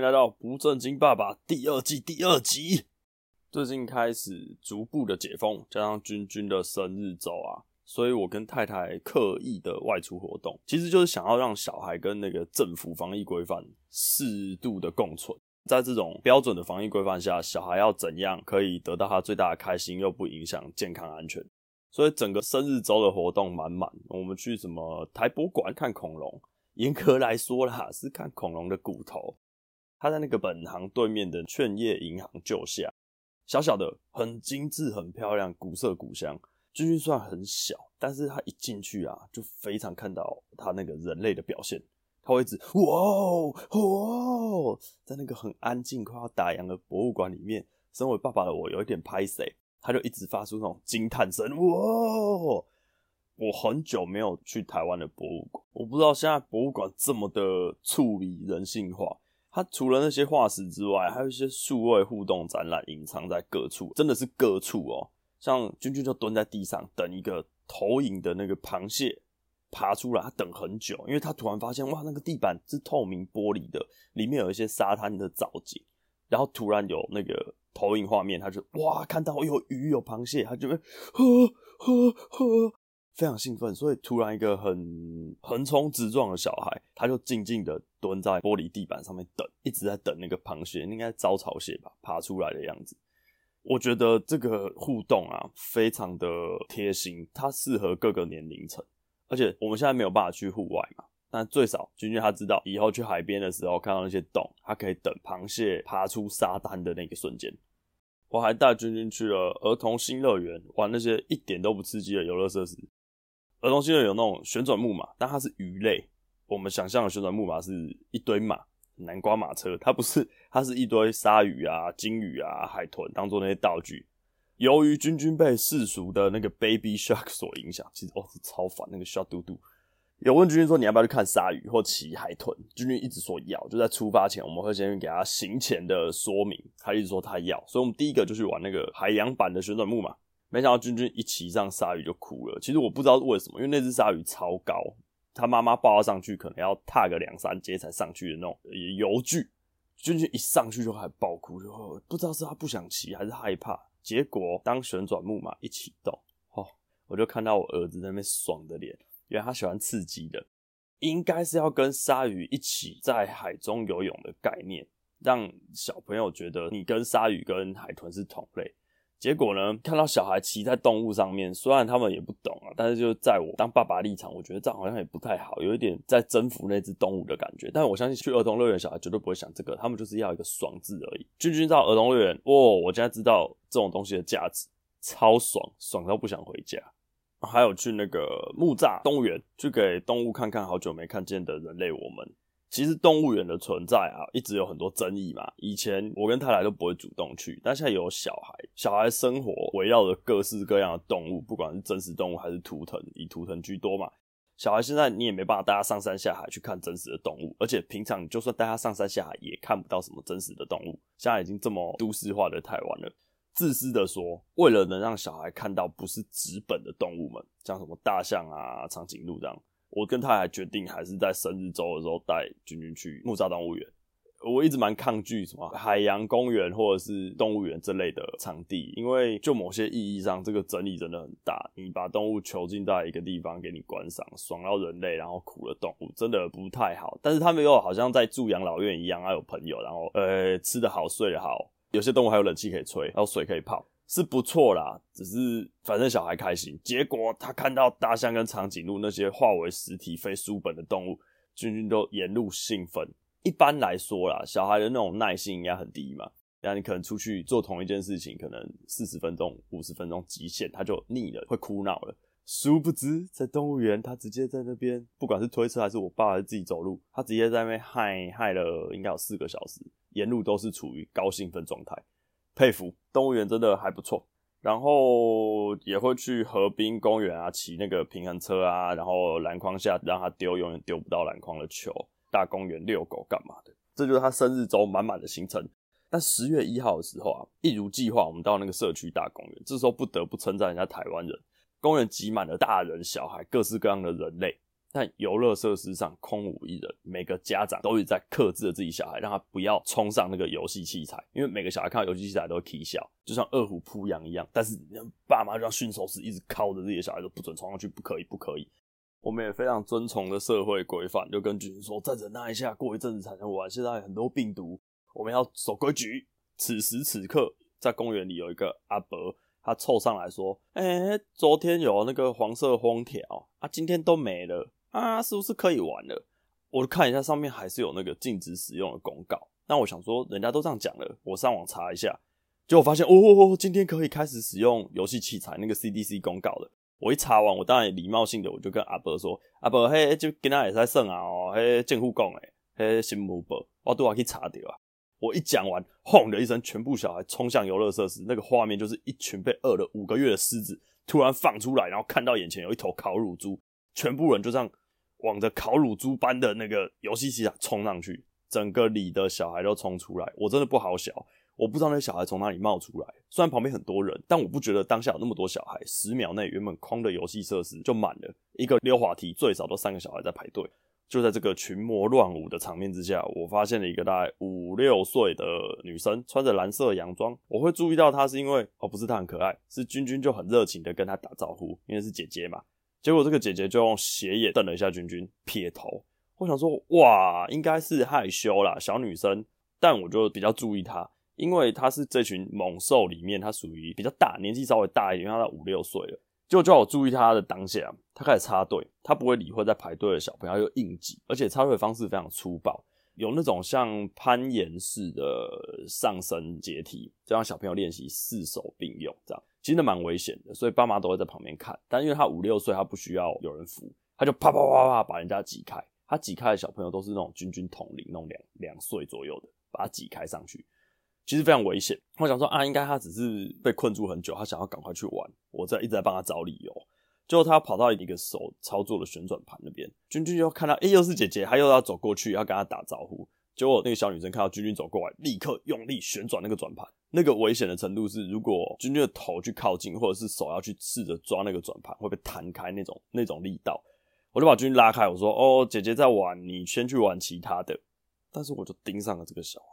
來到《不正經爸爸》第二季第二集。最近開始逐步的解封，加上君君的生日周啊，所以我跟太太刻意的外出活動，其實就是想要讓小孩跟那個政府防疫規範適度的共存。在這種標準的防疫規範下，小孩要怎樣可以得到他最大的開心，又不影響健康安全？所以整個生日周的活動滿滿。我們去什麼台博館看恐龍，嚴格來說啦，是看恐龍的骨頭。他在那個本行對面的勸業銀行舊廈，小小的，很精致，很漂亮，古色古香。進去算很小，但是他一進去啊，就非常看到他那個人類的表現。他會一直哇哦，哇哦，在那個很安靜快要打烊的博物館裡面。身為爸爸的我有一點拍謝，他就一直發出那種驚嘆聲。哇哦！我很久沒有去台灣的博物館，我不知道現在博物館這麼的處理人性化。它除了那些化石之外，還有一些數位互動展覽，隱藏在各處，真的是各處哦、喔。像君君就蹲在地上等一個投影的那個螃蟹爬出來，他等很久，因為他突然發現哇，那個地板是透明玻璃的，裡面有一些沙灘的造景，然後突然有那個投影畫面，他就哇看到有魚有螃蟹，他就會呵呵呵，呵。非常興奮，所以突然一個很橫衝直撞的小孩，他就靜靜地蹲在玻璃地板上面等，一直在等那個螃蟹，應該是招潮蟹吧，爬出來的樣子。我覺得這個互動啊，非常的貼心，它適合各個年齡層，而且我們現在沒有辦法去戶外嘛，但最少君君他知道以後去海邊的時候，看到那些洞，他可以等螃蟹爬出沙灘的那個瞬間。我還帶君君去了兒童新樂園，玩那些一點都不刺激的遊樂設施。兒童區有有那種旋轉木馬，但它是魚類。我們想象的旋轉木馬是一堆馬、南瓜馬車，它不是，它是一堆鯊魚啊、鯨魚啊、海豚，當做那些道具。由於軍軍被世俗的那個 baby shark 所影響，其實哦是超煩那個 shark 嘟嘟。有問軍軍說，你要不要去看鯊魚或騎海豚，軍軍一直說要。就在出發前，我們會先給他行前的說明，他一直說他要，所以我們第一個就去玩那個海洋版的旋轉木馬。沒想到君君一騎上鯊魚就哭了。其實我不知道是為什麼，因為那只鯊魚超高，他媽媽抱上去可能要踏個兩三階才上去的那種遊具。君君一上去就還爆哭，不知道是他不想騎還是害怕。結果當旋轉木馬一啟動，哦，我就看到我兒子在那邊爽的臉，因為他喜歡刺激的，應該是要跟鯊魚一起在海中游泳的概念，讓小朋友覺得你跟鯊魚、跟海豚是同類。結果呢？看到小孩騎在動物上面，雖然他們也不懂啊，但是就在我當爸爸立場，我覺得這樣好像也不太好，有一點在徵服那只動物的感覺。但我相信去兒童樂園，小孩絕對不會想這個，他們就是要一個爽字而已。君君到兒童樂園，哇、喔！我現在知道這種東西的價值，超爽，爽到不想回家。還有去那個木柵動物園，去給動物看看好久沒看見的人類我們。其實動物園的存在啊，一直有很多爭議嘛。以前我跟太太都不會主動去，但現在也有小孩，小孩生活圍繞着各式各樣的動物，不管是真實動物還是圖騰，以圖騰居多嘛。小孩現在你也沒辦法帶他上山下海去看真實的動物，而且平常你就算帶他上山下海，也看不到什麼真實的動物。現在已經這麼都市化的台灣了，自私的說，為了能讓小孩看到不是紙本的動物們，像什麼大象啊、長頸鹿這樣。我跟他還決定，還是在生日周的時候帶君君去木柵動物園。我一直蠻抗拒什麼海洋公園或者是動物園這類的場地，因為就某些意義上，這個爭議真的很大。你把動物囚禁在一個地方給你觀賞，爽到人類，然後苦了動物，真的不太好。但是他們又好像在住養老院一樣，還有朋友，然後呃吃得好睡得好，有些動物還有冷氣可以吹，然後水可以泡。是不錯啦，只是反正小孩開心。結果他看到大象跟長頸鹿那些化為實體、非書本的動物，均均都沿路興奮。一般來說啦，小孩的那種耐性應該很低嘛，那你可能出去做同一件事情，可能四十分鐘、五十分鐘極限，他就膩了，會哭鬧了。殊不知在動物園，他直接在那邊，不管是推車還是我爸還是自己走路，他直接在那邊嗨嗨了，應該有四個小時，沿路都是處於高興奮狀態。佩服，動物園真的還不錯，然後也會去河濱公園啊，騎那個平衡車啊，然後籃筐下讓他丟永遠丟不到籃筐的球，大公園遛狗幹嘛的，這就是他生日週滿滿的行程。那十月一號的時候啊，一如計劃，我們到那個社區大公園，這時候不得不稱讚人家台灣人，公園擠滿了大人小孩，各式各樣的人類。但遊樂設施上空無一人，每個家長都是在克制着自己小孩，讓他不要衝上那個遊戲器材，因為每個小孩看到遊戲器材都會起笑，就像餓虎撲羊一樣。但是你爸媽就像馴獸師，一直靠着自己的小孩，都不准衝上去，不可以，不可以。我們也非常遵從的社會規範，就跟居說，再忍耐一下，過一陣子才能玩。現在有很多病毒，我們要守規矩。此時此刻，在公園裡有一個阿伯，他湊上來說：“哎、欸，昨天有那個黃色封條、喔、啊，今天都沒了。”啊，是不是可以玩了？我看一下上面還是有那個禁止使用的公告。那我想說，人家都這樣講了，我上網查一下，結果發現哦，今天可以開始使用遊戲器材那個 CDC 公告了。我一查完，我當然禮貌性的我就跟阿伯說，阿伯嘿，就今天也是啊，哦，嘿，政府工誒，嘿，新目標，我都可以查到啊。我一講完，轟的一聲，全部小孩衝向遊樂設施，那個畫面就是一群被餓了五個月的獅子突然放出來，然後看到眼前有一頭烤乳豬，全部人就這樣。往着烤乳豬般的那個遊戲區啊衝上去，整個里的小孩都衝出來。我真的不好小，我不知道那小孩從哪裡冒出來。雖然旁邊很多人，但我不覺得當下有那麼多小孩。十秒內，原本空的遊戲設施就滿了。一個溜滑梯最少都三個小孩在排隊。就在這個群魔亂舞的場面之下，我發現了一個大概五六歲的女生，穿着藍色洋裝。我會注意到她是因為哦，不是她很可愛，是君君就很熱情的跟她打招呼，因為是姐姐嘛。結果這個姐姐就用斜眼瞪了一下君君、撇頭。我想說，哇，應該是害羞啦，小女生。但我就比較注意她，因為她是這群猛獸裡面，她屬於比較大，年紀稍微大一點，因為她到五六歲了。就叫我注意她的當下，她開始插隊，她不會理會在排隊的小朋友，又硬擠，而且插隊的方式非常粗暴，有那種像攀岩式的上升階梯，就讓小朋友練習四手並用，這樣。真的其實蠻危險的，所以爸媽都會在旁邊看。但因為他五六歲，他不需要有人扶，他就啪啪啪啪把人家擠開。他擠開的小朋友都是那種君君同齡，那種兩兩歲左右的，把他擠開上去，其實非常危險。我想說啊，應該他只是被困住很久，他想要趕快去玩。我在一直在幫他找理由。結果他跑到一個手操作的旋轉盤那邊，君君又看到，哎、欸，又是姐姐，他又要走過去要跟他打招呼。結果那個小女生看到君君走過來，立刻用力旋轉那個轉盤。那個危險的程度是，如果君君的頭去靠近，或者是手要去試着抓那個轉盤，會被彈開那種那種力道。我就把君君拉開，我說：“哦，姐姐在玩，你先去玩其他的。”但是我就盯上了這個小孩。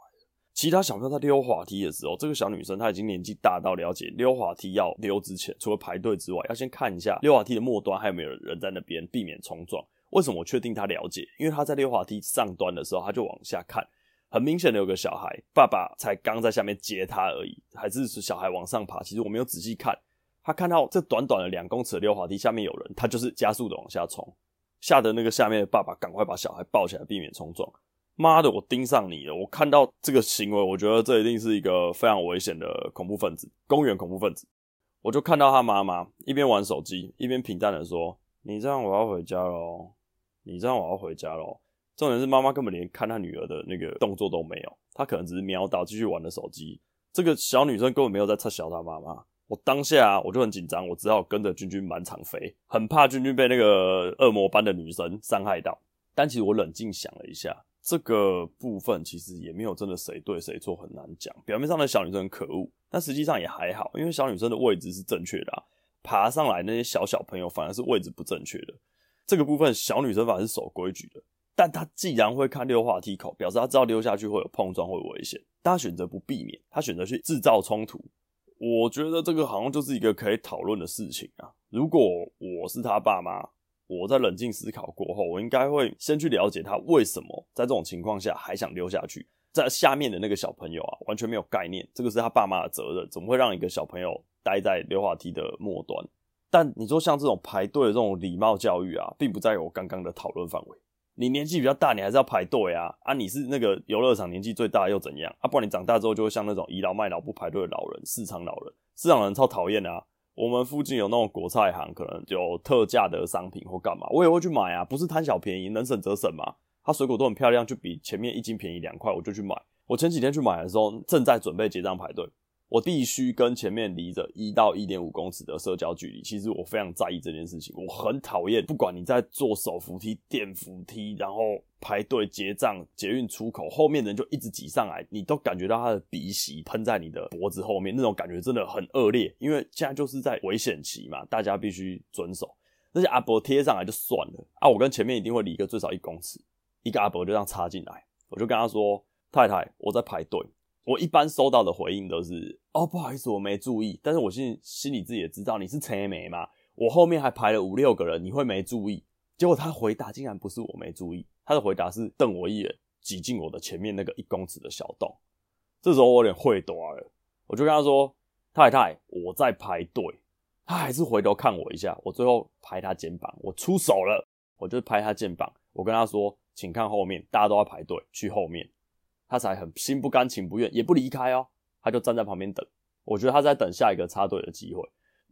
其他小朋友在溜滑梯的時候，這個小女生她已經年紀大到了解溜滑梯要溜之前，除了排隊之外，要先看一下溜滑梯的末端還有沒有人人在那邊，避免衝撞。為什麼我確定她了解？因為她在溜滑梯上端的時候，她就往下看。很明顯的有個小孩，爸爸才剛在下面接他而已，還是小孩往上爬。其實我沒有仔細看，他看到這短短的兩公尺的溜滑梯下面有人，他就是加速的往下衝，嚇得那個下面的爸爸趕快把小孩抱起來，避免衝撞。媽的，我盯上你了！我看到這個行為，我覺得這一定是一個非常危險的恐怖分子，公園恐怖分子。我就看到他媽媽一邊玩手機，一邊平淡的說：“你這樣我要回家嘍，你這樣我要回家嘍。”重點是媽媽根本連看她女兒的那個動作都沒有，她可能只是瞄到繼續玩的手機。這個小女生根本沒有在測小她媽媽。我當下我就很緊張，我只好跟着君君滿場飛，很怕君君被那個惡魔般的女生傷害到。但其實我冷靜想了一下，這個部分其實也沒有真的誰對誰錯，很難講。表面上的小女生很可惡，但實際上也還好，因為小女生的位置是正確的啊，爬上來那些小小朋友反而是位置不正確的。這個部分小女生反而是守規矩的。但他既然會看溜滑梯口，表示他知道溜下去會有碰撞，會有危險。但他選擇不避免，他選擇去製造衝突。我覺得這個好像就是一個可以討論的事情啊。如果我是他爸媽，我在冷靜思考過後，我應該會先去了解他為什麼在這種情況下還想溜下去。在下面的那個小朋友啊，完全沒有概念，這個是他爸媽的責任。怎麼會讓一個小朋友待在溜滑梯的末端？但你說像這種排隊的這種禮貌教育啊，並不在我剛剛的討論範圍。你年紀比較大，你還是要排隊啊啊！啊你是那個遊樂場年紀最大又怎樣？啊，不然你長大之後就會像那種倚老賣老不排隊的老人，市場老人，市場老人超討厭啊！我們附近有那種國菜行，可能有特價的商品或幹嘛，我也會去買啊，不是貪小便宜，能省則省嘛。他水果都很漂亮，就比前面一斤便宜兩塊，我就去買。我前幾天去買的時候，正在準備結賬排隊。我必須跟前面離着一到一點五公尺的社交距離。其實我非常在意這件事情，我很討厭。不管你在坐手扶梯、電扶梯，然後排隊結賬、捷運出口，後面人就一直擠上來，你都感覺到他的鼻息噴在你的脖子後面，那種感覺真的很惡劣。因為現在就是在危險期嘛，大家必須遵守。那些阿伯貼上來就算了啊，我跟前面一定會離個最少一公尺，一個阿伯就這樣插進來，我就跟他說：“太太，我在排隊。”我一般收到的回應都是哦，不好意思，我沒注意。但是我心裡心裡自己也知道你是陳美嘛，我後面還排了五六個人，你會沒注意。結果他回答竟然不是我沒注意，他的回答是瞪我一眼，擠進我的前面那個一公尺的小洞。這時候我有點會躲了，我就跟他說太太，我在排隊。他還是回頭看我一下，我最後拍他肩膀，我出手了，我就拍他肩膀，我跟他說，請看後面，大家都要排隊去後面。他才很心不甘情不願，也不離開哦，他就站在旁邊等。我覺得他在等下一個插隊的機會。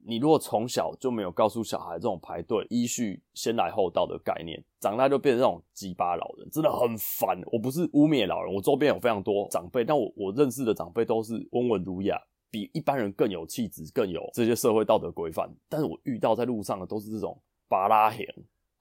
你如果從小就沒有告訴小孩這種排隊依序先來後到的概念，長大就變成這種雞巴老人，真的很煩。我不是污衊老人，我周邊有非常多長輩，但我我認識的長輩都是溫文儒雅，比一般人更有氣質，更有這些社會道德規範。但是我遇到在路上的都是這種巴拉型。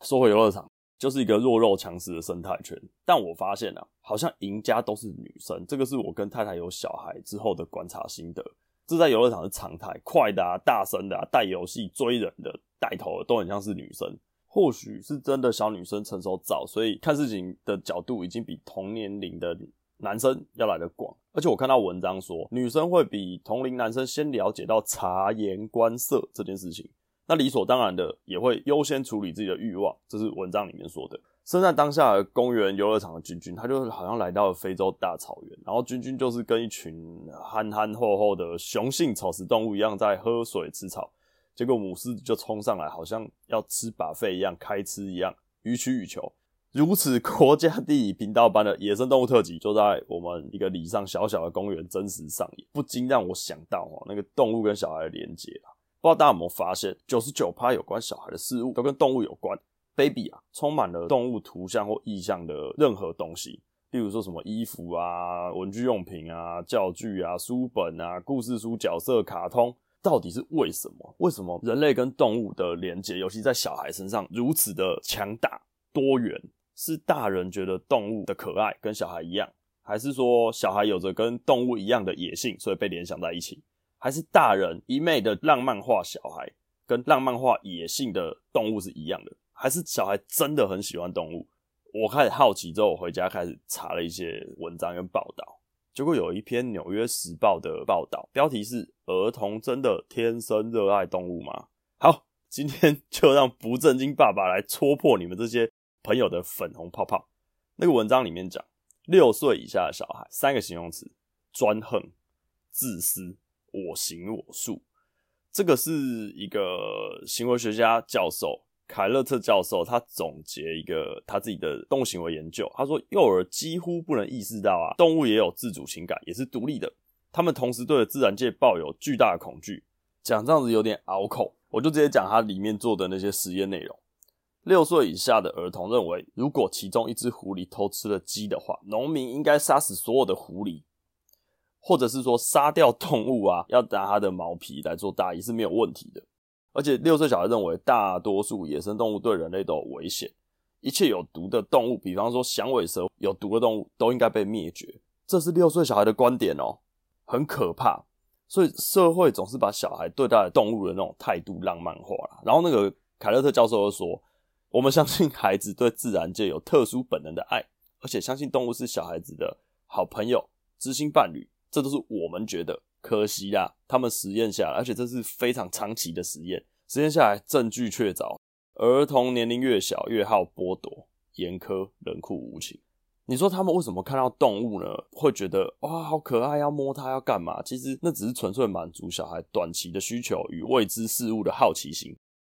說回遊樂場。就是一個弱肉強食的生態圈，但我發現啊，好像贏家都是女生。這個是我跟太太有小孩之後的觀察心得。這在遊樂場是常態，快的啊、大聲的啊、帶遊戲追人的、帶頭的都很像是女生。或許是真的小女生成熟早，所以看事情的角度已經比同年齡的男生要來得廣。而且我看到文章說，女生會比同齡男生先了解到察言觀色這件事情。那理所當然的也會優先處理自己的慾望，這是文章裡面說的。身在當下的公園遊樂場的君君，他就好像來到了非洲大草原，然後君君就是跟一群憨憨厚厚的雄性草食動物一樣在喝水吃草，結果母獅子就衝上來，好像要吃 buffet 一樣開吃一樣，予取予求。如此國家地理頻道般的野生動物特輯，就在我們一個禮上小小的公園真實上演，不禁讓我想到哦，那個動物跟小孩的連接啊不知道大家有沒有發現，九十九趴有關小孩的事物都跟動物有關。Baby 啊，充滿了動物圖像或意象的任何東西，例如說什麼衣服啊、文具用品啊、教具啊、書本啊、故事書、角色、卡通，到底是為什麼？為什麼人類跟動物的連結，尤其在小孩身上如此的強大、多元？是大人覺得動物的可愛跟小孩一樣，還是說小孩有着跟動物一樣的野性，所以被聯想在一起？還是大人一昧的浪漫化小孩，跟浪漫化野性的動物是一樣的？還是小孩真的很喜歡動物？我開始好奇之後，我回家開始查了一些文章跟報道，結果有一篇《紐約時報》的報道，標題是“兒童真的天生熱愛動物嗎？”好，今天就讓不正經爸爸來戳破你們這些朋友的粉紅泡泡。那個文章裡面講，六歲以下的小孩三個形容詞：專橫、自私。我行我素。這個是一個行為學家教授凱勒特教授，他總結一個他自己的動物行為研究，他說幼兒幾乎不能意識到啊，動物也有自主情感，也是獨立的，他們同時對著自然界抱有巨大的恐懼。講這樣子有點拗口，我就直接講他裡面做的那些實驗內容。六歲以下的兒童認為，如果其中一隻狐狸偷吃了雞的話，農民應該殺死所有的狐狸。或者是說殺掉動物啊，要拿它的毛皮來做大衣是沒有問題的。而且六歲小孩認為，大多數野生動物對人類都有危險，一切有毒的動物，比方說響尾蛇，有毒的動物都應該被滅絕。這是六歲小孩的觀點哦、喔，很可怕。所以社會總是把小孩對待動物的那種態度浪漫化了。然後那個凱勒特教授又說，我們相信孩子對自然界有特殊本能的愛，而且相信動物是小孩子的好朋友、知心伴侶。這都是我們覺得可惜啦。他們實驗下來，而且這是非常長期的實驗，實驗下來證據確鑿。兒童年齡越小越好剝奪、嚴苛、冷酷無情。你說他們為什麼看到動物呢？會覺得哇、哦，好可愛，要摸它，要幹嘛？其實那只是純粹滿足小孩短期的需求與未知事物的好奇心。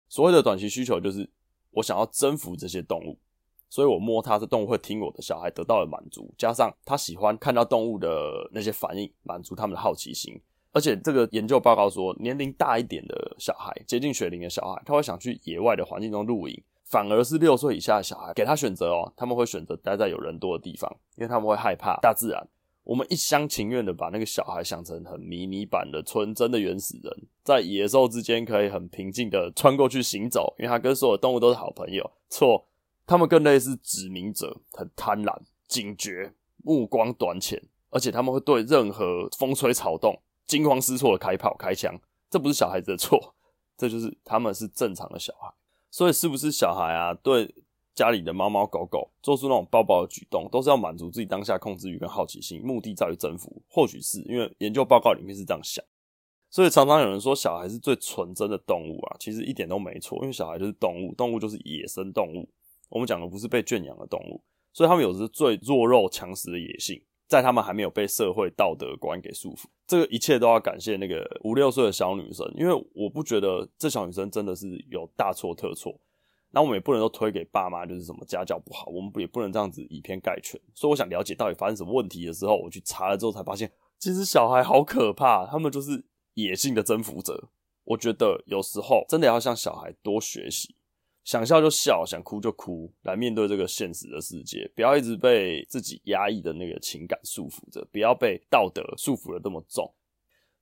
所謂的短期需求，就是我想要征服這些動物。所以，我摸它，這動物會聽我的，小孩得到了滿足，加上他喜歡看到動物的那些反應，滿足他們的好奇心。而且，這個研究報告說，年齡大一點的小孩，接近學齡的小孩，他會想去野外的環境中露營，反而是六歲以下的小孩，給他選擇哦，他們會選擇待在有人多的地方，因為他們會害怕大自然。我們一廂情願的把那個小孩想成很迷你版的純真的原始人，在野獸之間可以很平靜的穿過去行走，因為他跟所有動物都是好朋友。錯。他們更類似殖民者，很貪婪、警覺、目光短淺，而且他們會對任何風吹草動驚慌失措的開炮開槍。這不是小孩子的錯，這就是他們是正常的小孩。所以，是不是小孩啊？對家裡的貓貓狗狗做出那種抱抱的舉動，都是要滿足自己當下控制慾跟好奇心，目的在於征服。或許是因為研究報告裡面是這樣想，所以常常有人說小孩是最純真的動物啊，其實一點都沒錯，因為小孩就是動物，動物就是野生動物。我們講的不是被圈養的動物，所以他們有的是最弱肉強食的野性，在他們還沒有被社會道德觀給束縛。這個一切都要感謝那個五六歲的小女生，因為我不覺得這小女生真的是有大錯特錯。那我們也不能都推給爸媽，就是什麼家教不好，我們也不能這樣子以偏概全。所以我想了解到底發生什麼問題的時候，我去查了之後才發現，其實小孩好可怕，他們就是野性的征服者。我覺得有時候真的要向小孩多學習。想笑就笑，想哭就哭，來面對這個現實的世界。不要一直被自己壓抑的那個情感束縛着，不要被道德束縛的這麼重。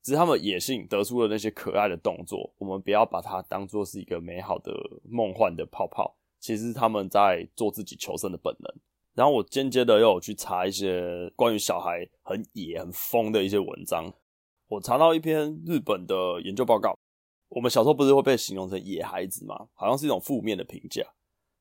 只是他們野性得出了那些可愛的動作，我們不要把它當做是一個美好的夢幻的泡泡。其實是他們在做自己求生的本能。然後我間接的又有去查一些關於小孩很野、很瘋的一些文章，我查到一篇日本的研究報告。我們小時候不是會被形容成野孩子嗎？好像是一種負面的評價，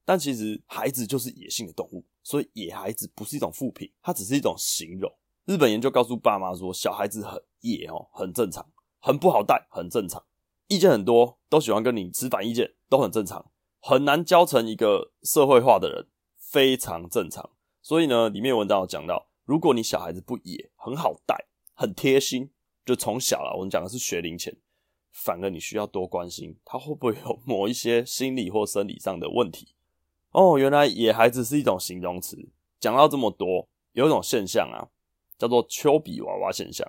但其實孩子就是野性的動物，所以野孩子不是一種負評，它只是一種形容。日本研究告訴爸媽說，小孩子很野哦，很正常，很不好帶，很正常，意見很多，都喜歡跟你持反意見，都很正常，很難教成一個社會化的人，非常正常。所以呢，裡面文章有講到，如果你小孩子不野，很好帶，很貼心，就從小啊，我們講的是學齡前。反而你需要多關心他會不會有某一些心理或生理上的問題。哦，原來野孩子是一種形容詞。講到這麼多，有一種現象啊，叫做丘比娃娃現象。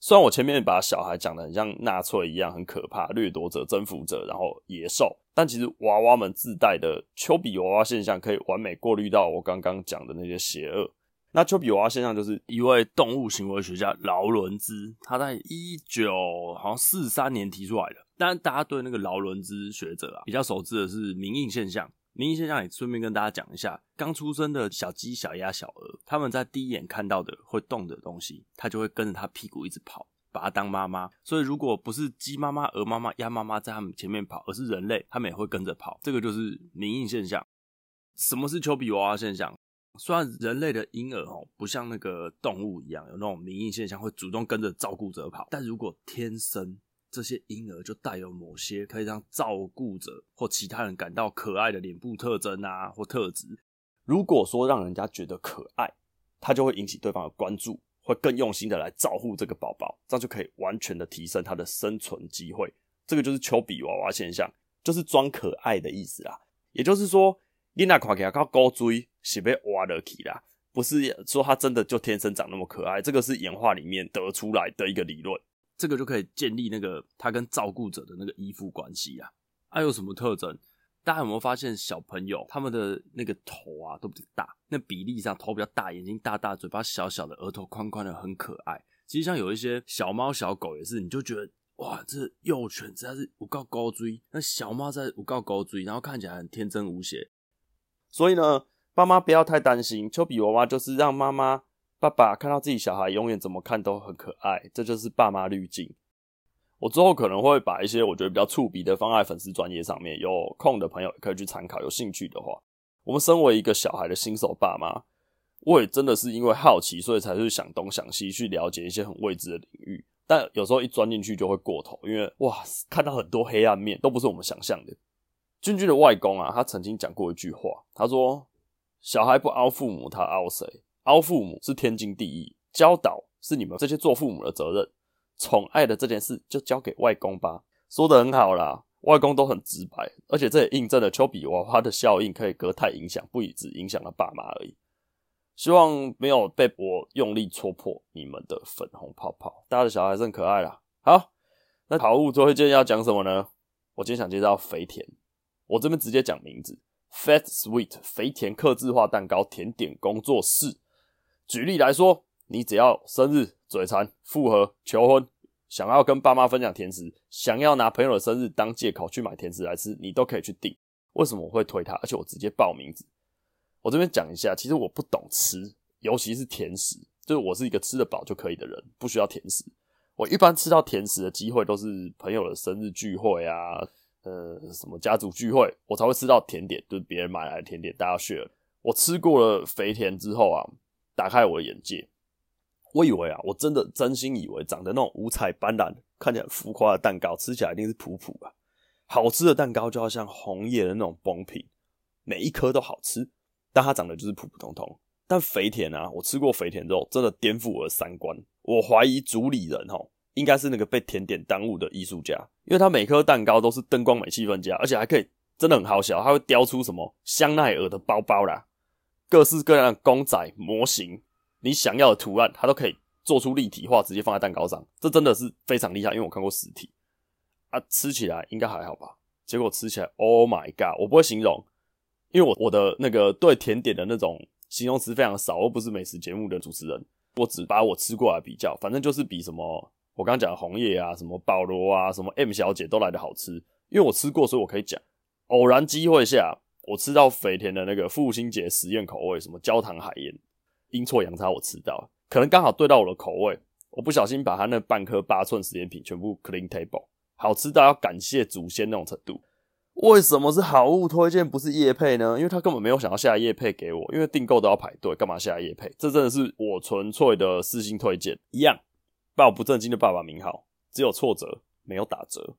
雖然我前面把小孩講得很像納粹一樣很可怕、掠奪者、征服者，然後野獸，但其實娃娃們自帶的丘比娃娃現象可以完美過濾到我剛剛講的那些邪惡。那丘比娃娃現象就是一位動物行為學家勞倫茲，他在一 19... 九好像四三年提出來的。但大家對那個勞倫茲學者啊比較熟知的是銘印現象。銘印現象也順便跟大家講一下，剛出生的小雞、小鴨、小鵝，他們在第一眼看到的會動的東西，它就會跟着它屁股一直跑，把它當媽媽。所以如果不是雞媽媽、鵝媽媽、鴨媽媽在他們前面跑，而是人類，他們也會跟着跑。這個就是銘印現象。什麼是丘比娃娃現象？雖然人類的嬰兒不像那個動物一樣有那種銘印現象，會主動跟着照顧者跑，但如果天生這些嬰兒就帶有某些可以讓照顧者或其他人感到可愛的臉部特徵啊或特質，如果說讓人家覺得可愛，他就會引起對方的關注，會更用心的來照顧這個寶寶，這樣就可以完全的提升他的生存機會。這個就是丘比娃娃現象，就是裝可愛的意思啊。也就是說。你那看起來夠古錐是被挖的起啦，不是說它真的就天生長那麼可愛，這個是演化裡面得出來的一個理論，這個就可以建立那個它跟照顧者的那個依附關係啊。它有什麼特徵？大家有沒有發現小朋友他們的那個頭啊都比較大，那比例上頭比較大，眼睛大大，嘴巴小小的，額頭寬寬的，很可愛。其實像有一些小貓小狗也是，你就覺得哇，這幼犬真的是有夠古錐，那小貓在有夠古錐，然後看起來很天真無邪。所以呢，爸媽不要太擔心，丘比娃娃就是讓媽媽、爸爸看到自己小孩永遠怎麼看都很可愛，這就是爸媽濾鏡。我之後可能會把一些我覺得比較觸鼻的放在粉絲專頁上面，有空的朋友也可以去參考。有興趣的話，我們身為一個小孩的新手爸媽，我也真的是因為好奇，所以才去想東想西去了解一些很未知的領域。但有時候一鑽進去就會過頭，因為哇，看到很多黑暗面都不是我們想象的。君君的外公啊，他曾經講過一句話，他說：“小孩不拗父母，他拗誰？拗父母是天經地義，教導是你們這些做父母的責任，寵愛的這件事就交給外公吧。”說得很好啦，外公都很直白，而且這也印證了丘比娃娃的效應可以隔代影響，不只影響了爸媽而已。希望沒有被我用力戳破你們的粉紅泡泡。大家的小孩真可愛啦。好，那考物最後一件要講什麼呢？我今天想介紹肥田。我這邊直接講名字，Fat Sweet 肥甜客製化蛋糕甜點工作室。舉例來說，你只要生日、嘴饞、復合、求婚，想要跟爸媽分享甜食，想要拿朋友的生日當借口去買甜食來吃，你都可以去訂。為什麼我會推他？而且我直接報名字。我這邊講一下，其實我不懂吃，尤其是甜食，就是我是一個吃得飽就可以的人，不需要甜食。我一般吃到甜食的機會都是朋友的生日聚會啊。呃，什麼家族聚會，我才會吃到甜點，就是別人買來的甜點，大家 share。我吃過了肥田之後啊，打開我的眼界。我以為啊，我真的真心以為，長得那種五彩斑斕、看起來浮誇的蛋糕，吃起來一定是普普啊。好吃的蛋糕就要像紅葉的那種崩皮，每一顆都好吃，但它長得就是普普通通。但肥田啊，我吃過肥田之後，真的顛覆我的三觀。我懷疑主理人齁。應該是那個被甜點耽誤的藝術家，因為他每顆蛋糕都是燈光美氣氛佳，而且還可以真的很好笑，他會雕出什麼香奈兒的包包啦，各式各樣的公仔模型，你想要的圖案，他都可以做出立體化，直接放在蛋糕上，這真的是非常厲害，因為我看過實體啊，吃起來應該還好吧？結果吃起來，Oh my god！我不會形容，因為我我的那個對甜點的那種形容詞非常少，我不是美食節目的主持人，我只把我吃過來比較，反正就是比什麼。我剛剛講的紅葉啊，什麼保羅啊，什麼 M 小姐都來的好吃，因為我吃過，所以我可以講。偶然機會下，我吃到肥田的那個父親節實驗口味，什麼焦糖海鹽，陰錯陽差我吃到，可能剛好對到我的口味。我不小心把他那半顆八寸實驗品全部 clean table，好吃到要感謝祖先那種程度。為什麼是好物推薦不是業配呢？因為他根本沒有想要下業配給我，因為訂購都要排隊，幹嘛下業配？這真的是我純粹的私心推薦一樣。報不正經的爸爸名號，只有挫折，沒有打折。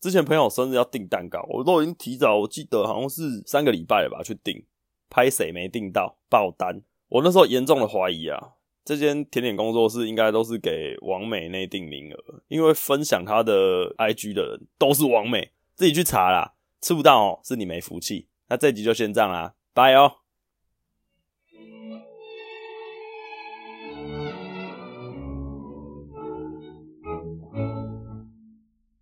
之前朋友生日要訂蛋糕，我都已經提早，我記得好像是三個禮拜了吧去訂，拍謝沒訂到爆單，我那時候嚴重的懷疑啊，這間甜點工作室應該都是給網美內定名額，因為分享他的 IG 的人都是網美，自己去查啦，吃不到哦、喔、是你沒福氣，那這集就先這樣啦，拜哦。